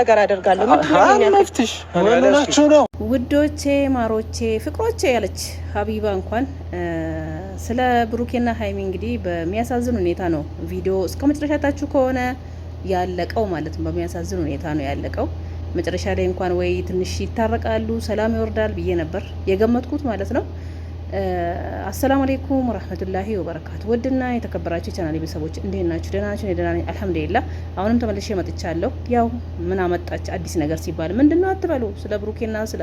ነገር አደርጋለሁ። መፍትሽ ውዶቼ፣ ማሮቼ፣ ፍቅሮቼ ያለች ሀቢባ እንኳን ስለ ብሩኬና ሀይሚ እንግዲህ በሚያሳዝን ሁኔታ ነው ቪዲዮ እስከ መጨረሻታችሁ ከሆነ ያለቀው ማለት ነው። በሚያሳዝን ሁኔታ ነው ያለቀው። መጨረሻ ላይ እንኳን ወይ ትንሽ ይታረቃሉ፣ ሰላም ይወርዳል ብዬ ነበር የገመትኩት ማለት ነው። አሰላሙ አሌይኩም ወረህመቱላሂ ወበረካቱ። ውድና የተከበራችሁ ቻናል ቤተሰቦች እንዴት ናችሁ? ደህና ናችሁ? ደህና ነኝ አልሐምዱሊላህ። አሁንም ተመልሼ መጥቻለሁ። ያው ምን አመጣች አዲስ ነገር ሲባል ምንድን ነው አትበሉ። ስለ ብሩኬና ስለ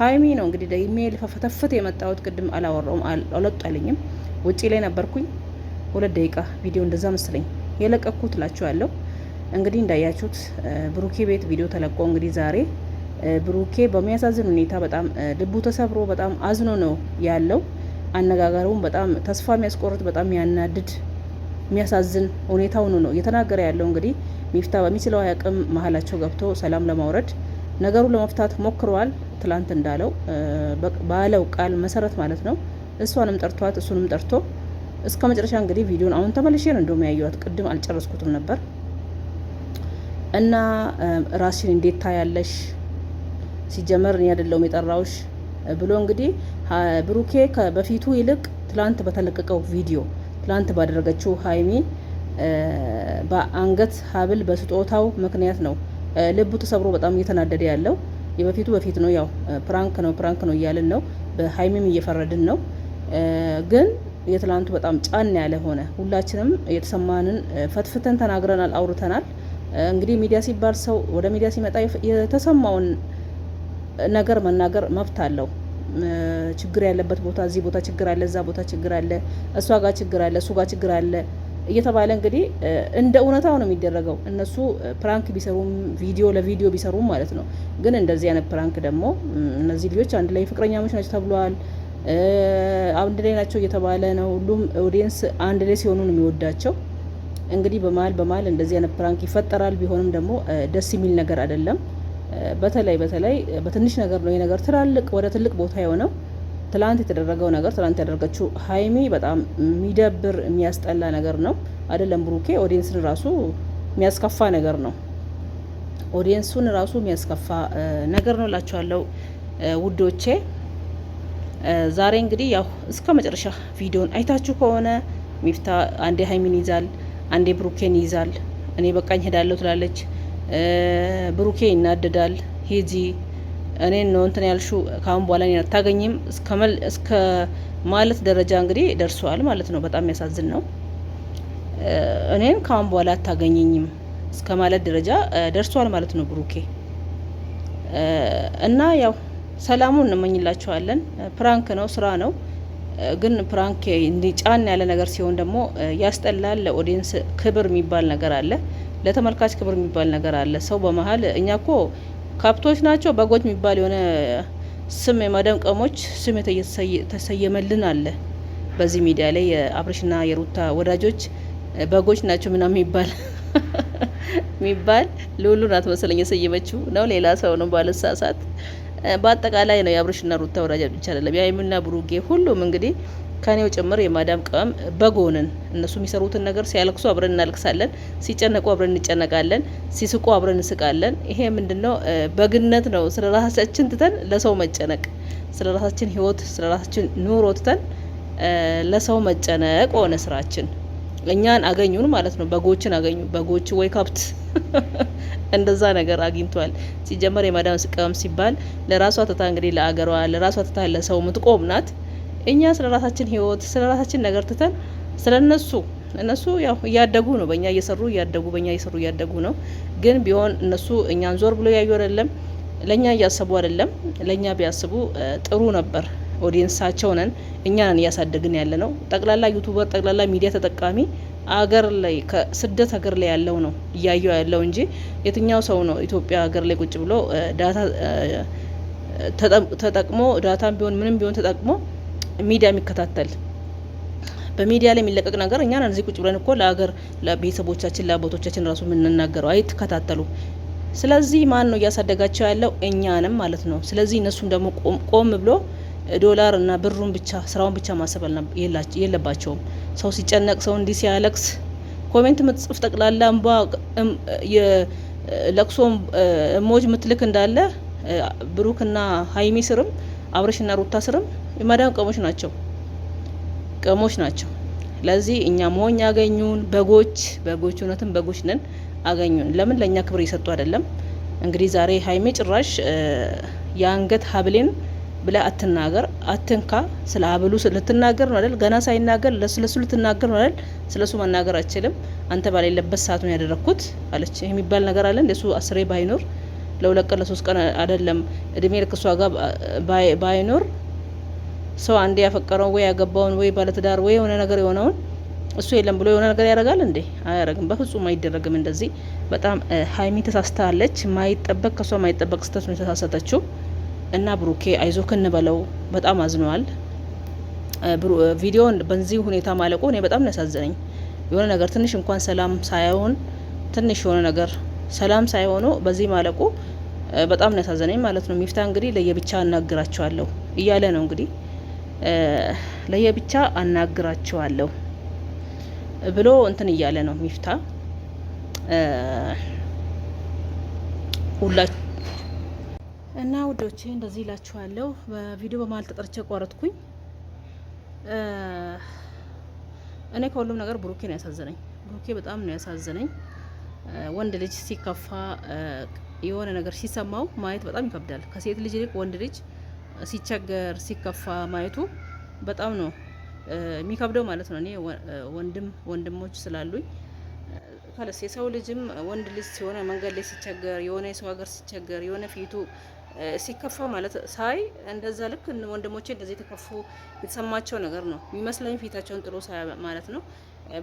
ሀይሚ ነው እንግዲህ ደግሜ ልፈፈተፍት የመጣሁት። ቅድም አላወራውም አልወጣልኝም፣ ውጪ ላይ ነበርኩኝ። ሁለት ደቂቃ ቪዲዮ እንደዛ መስለኝ የለቀኩት ላችኋለሁ። እንግዲህ እንዳያችሁት ብሩኬ ቤት ቪዲዮ ተለቆ እንግዲህ ዛሬ ብሩኬ በሚያሳዝን ሁኔታ በጣም ልቡ ተሰብሮ በጣም አዝኖ ነው ያለው። አነጋገሩም በጣም ተስፋ የሚያስቆርጥ በጣም የሚያናድድ የሚያሳዝን ሁኔታ ሆኖ ነው እየተናገረ ያለው። እንግዲህ ሚፍታ በሚችለው አቅም መሀላቸው ገብቶ ሰላም ለማውረድ ነገሩ ለመፍታት ሞክረዋል። ትላንት እንዳለው ባለው ቃል መሰረት ማለት ነው። እሷንም ጠርቷት እሱንም ጠርቶ እስከ መጨረሻ እንግዲህ ቪዲዮን አሁን ተመልሼ ነው እንደውም ያየኋት፣ ቅድም አልጨረስኩትም ነበር እና ራስሽን እንዴት ታያለሽ ሲጀመር እኔ አይደለሁም የጠራውሽ ብሎ እንግዲህ ብሩኬ በፊቱ ይልቅ ትላንት በተለቀቀው ቪዲዮ ትላንት ባደረገችው ሀይሚ በአንገት ሀብል በስጦታው ምክንያት ነው ልቡ ተሰብሮ በጣም እየተናደደ ያለው። የበፊቱ በፊት ነው ያው ፕራንክ ነው ፕራንክ ነው እያልን ነው፣ በሀይሚም እየፈረድን ነው። ግን የትላንቱ በጣም ጫን ያለ ሆነ። ሁላችንም የተሰማንን ፈትፍተን ተናግረናል፣ አውርተናል። እንግዲህ ሚዲያ ሲባል ሰው ወደ ሚዲያ ሲመጣ የተሰማውን ነገር መናገር መብት አለው። ችግር ያለበት ቦታ እዚህ ቦታ ችግር አለ፣ እዛ ቦታ ችግር አለ፣ እሷ ጋር ችግር አለ፣ እሱ ጋር ችግር አለ እየተባለ እንግዲህ እንደ እውነታው ነው የሚደረገው። እነሱ ፕራንክ ቢሰሩም ቪዲዮ ለቪዲዮ ቢሰሩም ማለት ነው። ግን እንደዚህ አይነት ፕራንክ ደግሞ እነዚህ ልጆች አንድ ላይ ፍቅረኛሞች ናቸው ተብለዋል፣ አንድ ላይ ናቸው እየተባለ ነው። ሁሉም ኦዲየንስ አንድ ላይ ሲሆኑ ነው የሚወዳቸው። እንግዲህ በመሀል በመሀል እንደዚህ አይነት ፕራንክ ይፈጠራል። ቢሆንም ደግሞ ደስ የሚል ነገር አይደለም። በተለይ በተለይ በትንሽ ነገር ነው ነገር ትላልቅ ወደ ትልቅ ቦታ የሆነው ትላንት የተደረገው ነገር ትላንት ያደረገችው ሀይሚ በጣም የሚደብር የሚያስጠላ ነገር ነው። አይደለም ብሩኬ ኦዲየንስን ራሱ የሚያስከፋ ነገር ነው። ኦዲየንሱን ራሱ የሚያስከፋ ነገር ነው እላችኋለሁ ውዶቼ። ዛሬ እንግዲህ ያው እስከ መጨረሻ ቪዲዮን አይታችሁ ከሆነ ሚፍታ አንዴ ሀይሚን ይዛል፣ አንዴ ብሩኬን ይዛል። እኔ በቃኝ ሄዳለሁ ትላለች ብሩኬ ይናደዳል። ሂጂ እኔ ነው እንትን ያልሹ ካሁን በኋላ እኔን አታገኝም እስከ ማለት ደረጃ እንግዲህ ደርሷል ማለት ነው። በጣም የሚያሳዝን ነው። እኔን ካሁን በኋላ አታገኘኝም እስከ ማለት ደረጃ ደርሷል ማለት ነው ብሩኬ እና ያው ሰላሙን እንመኝላቸዋለን። ፕራንክ ነው፣ ስራ ነው። ግን ፕራንክ ጫን ያለ ነገር ሲሆን ደግሞ ያስጠላል። ለኦዲየንስ ክብር የሚባል ነገር አለ። ለተመልካች ክብር የሚባል ነገር አለ። ሰው በመሀል እኛ ኮ ከብቶች ናቸው በጎች የሚባል የሆነ ስም የማዳም ቀሞች ስም የተሰየመልን አለ። በዚህ ሚዲያ ላይ የአብርሽና የሩታ ወዳጆች በጎች ናቸው ምናምን የሚባል የሚባል ልውሉ ናት መሰለኝ የሰየመችው ነው። ሌላ ሰው ነው ባለሳ ሰዓት በአጠቃላይ ነው የአብርሽና ሩታ ወዳጅ ብቻ አይደለም። የሀይሚና ብሩጌ ሁሉም እንግዲህ ከኔው ጭምር የማዳም ቅመም በጎንን እነሱ የሚሰሩትን ነገር ሲያለቅሱ አብረን እናልቅሳለን፣ ሲጨነቁ አብረን እንጨነቃለን፣ ሲስቁ አብረን እንስቃለን። ይሄ ምንድነው? በግነት ነው። ስለ ራሳችን ትተን ለሰው መጨነቅ፣ ስለ ራሳችን ህይወት፣ ስለ ራሳችን ኑሮ ትተን ለሰው መጨነቅ ሆነ ስራችን። እኛን አገኙን ማለት ነው። በጎችን አገኙ። በጎች ወይ ከብት እንደዛ ነገር አግኝቷል። ሲጀመር የማዳም ቅመም ሲባል ለራሷ ትታ እንግዲህ ለአገሯ ለራሷ ትታ ለሰው ምትቆም ናት። እኛ ስለ ራሳችን ህይወት ስለ ራሳችን ነገር ትተን ስለ እነሱ እነሱ ያው እያደጉ ነው፣ በእኛ እየሰሩ እያደጉ በእኛ እየሰሩ እያደጉ ነው። ግን ቢሆን እነሱ እኛን ዞር ብሎ ያዩ አይደለም፣ ለእኛ እያሰቡ አይደለም። ለእኛ ቢያስቡ ጥሩ ነበር። ኦዲየንሳቸው ነን፣ እኛ ነን እያሳደግን ያለ ነው። ጠቅላላ ዩቱበር፣ ጠቅላላ ሚዲያ ተጠቃሚ አገር ላይ ከስደት ሀገር ላይ ያለው ነው እያየው ያለው እንጂ የትኛው ሰው ነው ኢትዮጵያ ሀገር ላይ ቁጭ ብሎ ዳታ ተጠቅሞ ዳታም ቢሆን ምንም ቢሆን ተጠቅሞ ሚዲያ የሚከታተል በሚዲያ ላይ የሚለቀቅ ነገር እኛ እዚህ ቁጭ ብለን እኮ ለሀገር ለቤተሰቦቻችን ለአባቶቻችን ራሱ የምንናገረው አይትከታተሉ ስለዚህ ማን ነው እያሳደጋቸው ያለው? እኛንም ማለት ነው። ስለዚህ እነሱም ደግሞ ቆም ብሎ ዶላር እና ብሩን ብቻ ስራውን ብቻ ማሰብ የለባቸውም። ሰው ሲጨነቅ፣ ሰው እንዲህ ሲያለቅስ ኮሜንት ምጽፍ ጠቅላላ እንባ የለቅሶ ሞጅ ምትልክ እንዳለ ብሩክና ሀይሚ ስርም አብረሽና ሩታ ስርም የማዳን ቅሞች ናቸው ቅሞች ናቸው። ለዚህ እኛ ሞኝ ያገኙን በጎች በጎች እውነትም በጎች ነን አገኙን። ለምን ለእኛ ክብር እየሰጡ አይደለም። እንግዲህ ዛሬ ሀይሜ ጭራሽ የአንገት ሀብሌን ብላ አትናገር አትንካ። ስለ ሀብሉ ልትናገር ነው አይደል? ገና ሳይናገር ስለሱ ልትናገር ነው አይደል? ስለሱ መናገር አችልም። አንተ ባሌለበት ሰዓት ነው ያደረግኩት አለች። ይህ የሚባል ነገር አለ እንደሱ አስሬ ባይኖር ለሁለት ቀን ለሶስት ቀን አይደለም እድሜ ልክ እሷ ጋር ባይኖር ሰው አንዴ ያፈቀረውን ወይ ያገባውን ወይ ባለትዳር ወይ የሆነ ነገር የሆነውን እሱ የለም ብሎ የሆነ ነገር ያደርጋል እንዴ? አያደርግም። በፍጹም አይደረግም። እንደዚህ በጣም ሀይሚ ተሳስታለች። ማይጠበቅ ከሷ ማይጠበቅ ስህተት ነው የተሳሰተችው እና ብሩኬ አይዞ ክንበለው። በጣም አዝነዋል። ቪዲዮን በዚህ ሁኔታ ማለቁ እኔ በጣም ያሳዘነኝ የሆነ ነገር ትንሽ እንኳን ሰላም ሳይሆን ትንሽ የሆነ ነገር ሰላም ሳይሆኑ በዚህ ማለቁ በጣም ያሳዘነኝ ማለት ነው። ሚፍታ እንግዲህ ለየብቻ እናግራቸዋለሁ እያለ ነው እንግዲህ ለየብቻ አናግራቸዋለሁ ብሎ እንትን እያለ ነው ሚፍታ ሁላ እና ውዶቼ እንደዚህ ይላችኋለሁ። በቪዲዮ በመሀል ተጠርቼ እኔ ከሁሉም ነገር ብሩኬ ነው ያሳዘነኝ። ብሩኬ በጣም ነው ያሳዘነኝ። ወንድ ልጅ ሲከፋ የሆነ ነገር ሲሰማው ማየት በጣም ይከብዳል። ከሴት ልጅ ይልቅ ወንድ ልጅ ሲቸገር ሲከፋ ማየቱ በጣም ነው የሚከብደው ማለት ነው። እኔ ወንድም ወንድሞች ስላሉኝ ካለስ የሰው ልጅም ወንድ ልጅ ሲሆነ መንገድ ላይ ሲቸገር የሆነ የሰው ሀገር ሲቸገር የሆነ ፊቱ ሲከፋ ማለት ሳይ እንደዛ ልክ ወንድሞቼ እንደዚህ የተከፉ የተሰማቸው ነገር ነው የሚመስለኝ ፊታቸውን ጥሎ ሳይ ማለት ነው።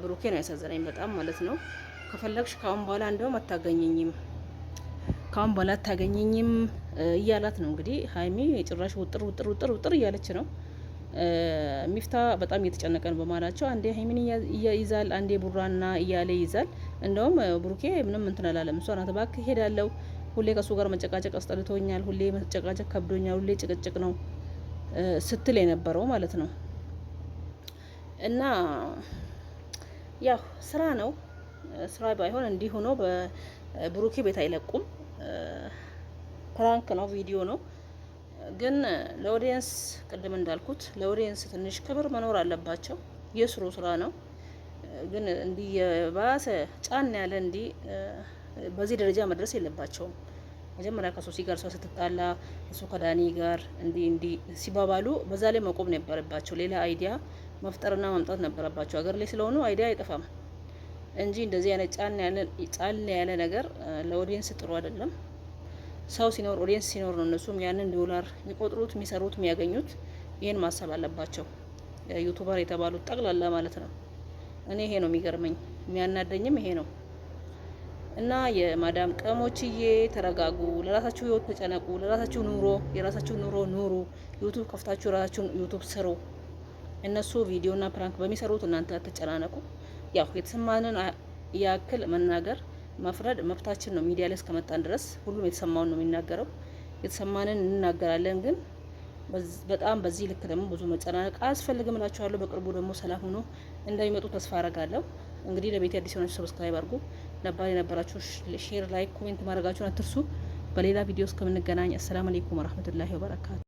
ብሩኬ ነው ያሳዘነኝ በጣም ማለት ነው። ከፈለግሽ ከአሁን በኋላ እንደውም አታገኘኝም ከአሁን በኋላ አታገኘኝም እያላት ነው እንግዲህ ሀይሚ የጭራሽ ውጥር ውጥር ውጥር ውጥር እያለች ነው። ሚፍታ በጣም እየተጨነቀ ነው በማላቸው አንዴ ሀይሚን ይዛል፣ አንዴ ቡራና እያለ ይዛል። እንደውም ብሩኬ ምንም እንትን አላለም። እሷ ናት እባክህ ሁሌ ከእሱ ጋር መጨቃጨቅ አስጠልቶኛል፣ ሁሌ መጨቃጨቅ ከብዶኛል፣ ሁሌ ጭቅጭቅ ነው ስትል የነበረው ማለት ነው። እና ያው ስራ ነው ስራ ባይሆን እንዲሁ ነው። ብሩኬ ቤት አይለቁም ፕራንክ ነው፣ ቪዲዮ ነው። ግን ለኦዲየንስ ቅድም እንዳልኩት ለኦዲየንስ ትንሽ ክብር መኖር አለባቸው። የስሩ ስራ ነው። ግን እንዲህ የባሰ ጫን ያለ እንዲህ በዚህ ደረጃ መድረስ የለባቸውም። መጀመሪያ ከሶሲ ጋር ሰው ስትጣላ እሱ ከዳኒ ጋር እንዲህ እንዲህ ሲባባሉ በዛ ላይ መቆም ነበረባቸው። ሌላ አይዲያ መፍጠርና ማምጣት ነበረባቸው። ሀገር ላይ ስለሆኑ አይዲያ አይጠፋም። እንጂ እንደዚህ ያለ ጫን ያለ ነገር ለኦዲየንስ ጥሩ አይደለም። ሰው ሲኖር ኦዲየንስ ሲኖር ነው እነሱም ያንን ዶላር የሚቆጥሩት የሚሰሩት፣ የሚያገኙት። ይህን ማሰብ አለባቸው ዩቱበር የተባሉት ጠቅላላ ማለት ነው። እኔ ይሄ ነው የሚገርመኝ የሚያናደኝም ይሄ ነው። እና የማዳም ቅመሞችዬ ተረጋጉ፣ ለራሳችሁ ህይወት ተጨነቁ፣ ለራሳችሁ ኑሮ የራሳችሁ ኑሮ ኑሩ። ዩቱብ ከፍታችሁ የራሳችሁን ዩቱብ ስሩ። እነሱ ቪዲዮና ፕራንክ በሚሰሩት እናንተ አትጨናነቁ። ያው የተሰማንን ያክል መናገር መፍረድ መብታችን ነው። ሚዲያ ላይ እስከመጣን ድረስ ሁሉም የተሰማውን ነው የሚናገረው። የተሰማንን እንናገራለን። ግን በጣም በዚህ ልክ ደግሞ ብዙ መጨናነቅ አያስፈልግም እላችኋለሁ። በቅርቡ ደግሞ ሰላም ሆኖ እንደሚመጡ ተስፋ አረጋለሁ። እንግዲህ ለቤት አዲስ የሆናችሁ ሰብስክራይብ አድርጉ። ነባር የነበራችሁ ሼር፣ ላይክ፣ ኮሜንት ማድረጋችሁን አትርሱ። በሌላ ቪዲዮ እስከምንገናኝ አሰላም አለይኩም ወረህመቱላሂ ወበረካቱ።